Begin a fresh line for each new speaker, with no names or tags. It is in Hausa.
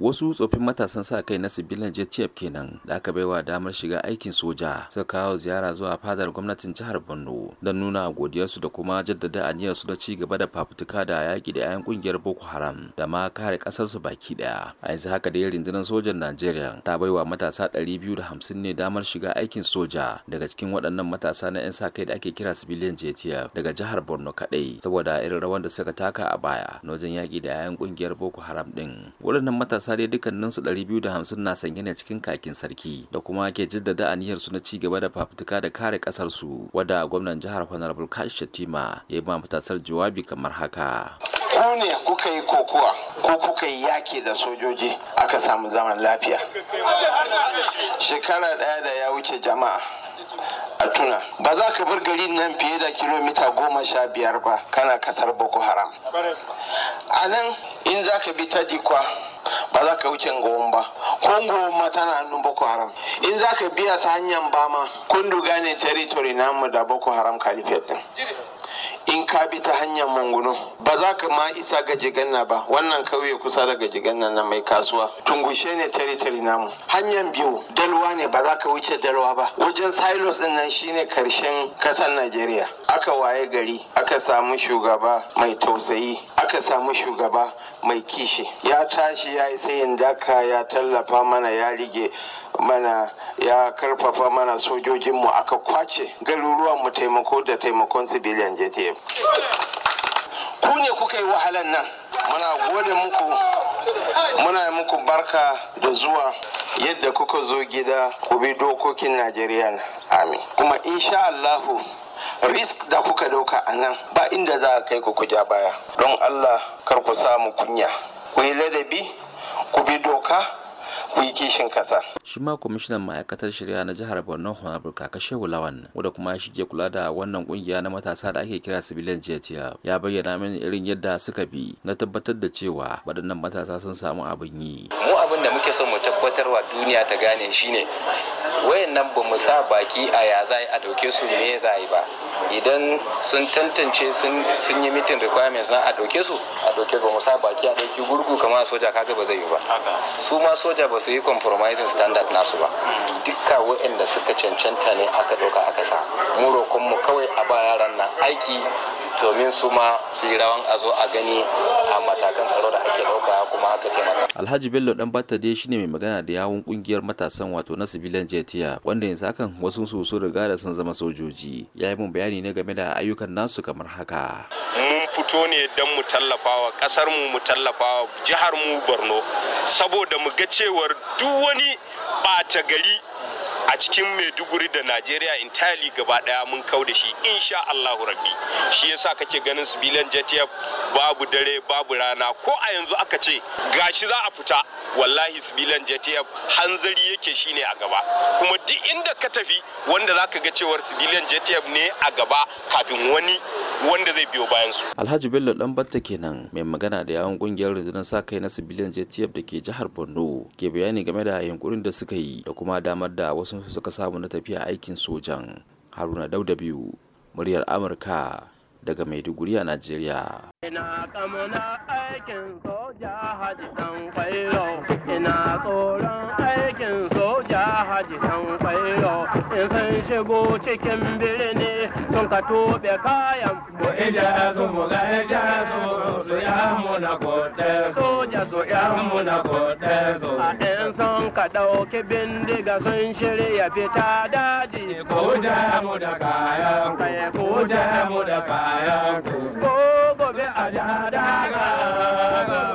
wasu tsofin matasan sa kai na sibilan jtf kenan da aka baiwa damar shiga aikin soja suka kawo ziyara zuwa fadar gwamnatin jihar borno don nuna godiyarsu da kuma jaddada su da ci gaba da fafutuka da yaki da 'ya'yan kungiyar boko haram da ma kare ƙasarsu baki ɗaya a yanzu haka da dai rundunar sojan najeriya ta baiwa matasa 250 ne damar shiga aikin soja daga cikin waɗannan matasa na 'yan sa kai da ake kira sibilan jtf daga jihar borno kaɗai saboda irin rawar da suka taka a baya na wajen yaki da 'ya'yan ƙungiyar boko haram ɗin waɗannan matasa sare dai dukkaninsu 250 na sanye ne cikin kakin sarki da kuma ke jaddada aniyarsu na ci gaba da fafutuka da kare kasarsu wadda gwamnan jihar honorable kashi shatima ya yi ma jawabi kamar haka
ku ne kuka yi kokuwa ko kuka yi yaki da sojoji aka samu zaman lafiya shekara daya da ya wuce jama'a a tuna ba za ka bar garin nan fiye da kilomita goma sha biyar ba kana kasar boko haram a nan in za ka bi ta jikwa ba za ka wuce ngowon ba ko ngowon tana hannun boko haram in za ka biya ta hanyar bama kun duga ne territory namu da boko haram caliphate din in ka bi ta hanyar mangunu ba za ka ma isa ga jiganna ba wannan kauye kusa da gajiganna na mai kasuwa tungushe ne teritori namu hanyar biyu dalwa ne ba za ka wuce dalwa ba wajen silos din nan shine karshen kasar najeriya aka waye gari aka samu shugaba mai tausayi aka samu shugaba mai kishi ya tashi ya yi sayin daka ya tallafa mana ya rige mana ya karfafa mana sojojinmu aka kwace garuruwanmu taimako da taimakon civilian jtf ku ne kuka yi wahalan nan muna gode muku muna muku barka da zuwa yadda kuka zo gida ku bi dokokin najeriya amin kuma insha allahu risk da kuka dauka a nan ba inda za a kai ku kuja baya don allah kar ku samu kunya ku yi ladabi ku bi doka mu yi kishin kasa.
shi ma kwamishinan ma'aikatar shari'a na jihar borno honorable kakashe wulawan wanda kuma shi ke kula da wannan kungiya na matasa da ake kira civilian Jetia, ya bayyana mini irin yadda suka bi na tabbatar da cewa waɗannan matasa sun samu abin yi.
mu abin da muke son mu tabbatarwa duniya ta gane shine wayannan ba mu sa baki a ya za a ɗauke su me za yi ba idan sun tantance sun yi mitin requirements na a ɗauke su a ɗauke ba mu sa baki a ɗauki gurgu kamar soja kaga ba zai yi ba su ma soja soja ba su yi compromising standard nasu ba dukka wa'anda suka cancanta ne aka ɗauka aka sa mu roƙon mu kawai a ba yaran nan aiki domin su ma su yi rawan a zo a gani a matakan tsaro da ake ɗauka kuma aka taimaka.
Alhaji Bello dan Batta dai shine mai magana da yawun kungiyar matasan wato na Sibilan Jetiya wanda yanzu hakan wasu su riga da sun zama sojoji. Ya yi mun bayani ne game da ayyukan nasu kamar haka.
fito ne don mu tallafawa kasar mu mu tallafawa jihar mu borno saboda mu ga cewar duk wani ɓata gari a cikin maiduguri da najeriya entirely gaba daya mun kau da shi insha allahu rabbi shi yasa kake ganin sibilan jtf babu dare babu rana ko a yanzu aka ce gashi za a fita wallahi sibilan jtf hanzari yake shine a gaba kuma duk inda ka tafi wanda za ka ga cewar sibilan jtf ne a gaba kafin wani wanda zai biyo bayan su
alhaji bello Batta kenan mai magana da yawon kungiyar rundunar sa kai na civilian jtf da ke jihar borno ke bayani game da yunkurin da suka yi da kuma damar da wasu suka samu na tafiya aikin sojan haruna dauda biyu muryar amurka daga maiduguri a najeriya ina kamuna aikin soja
haji dan kwairo ina tsoron aikin soja haji dan kwairo sun shigo cikin birni sun ka tobe kayan mu ija su mu ga ija su su ya mu na kote soja su ya mu na kote su a ɗin sun ka ɗauki bindiga sun shirya fita daji ko ja mu da kayan kai ko ja mu
da kayan ku ko gobe a ja daga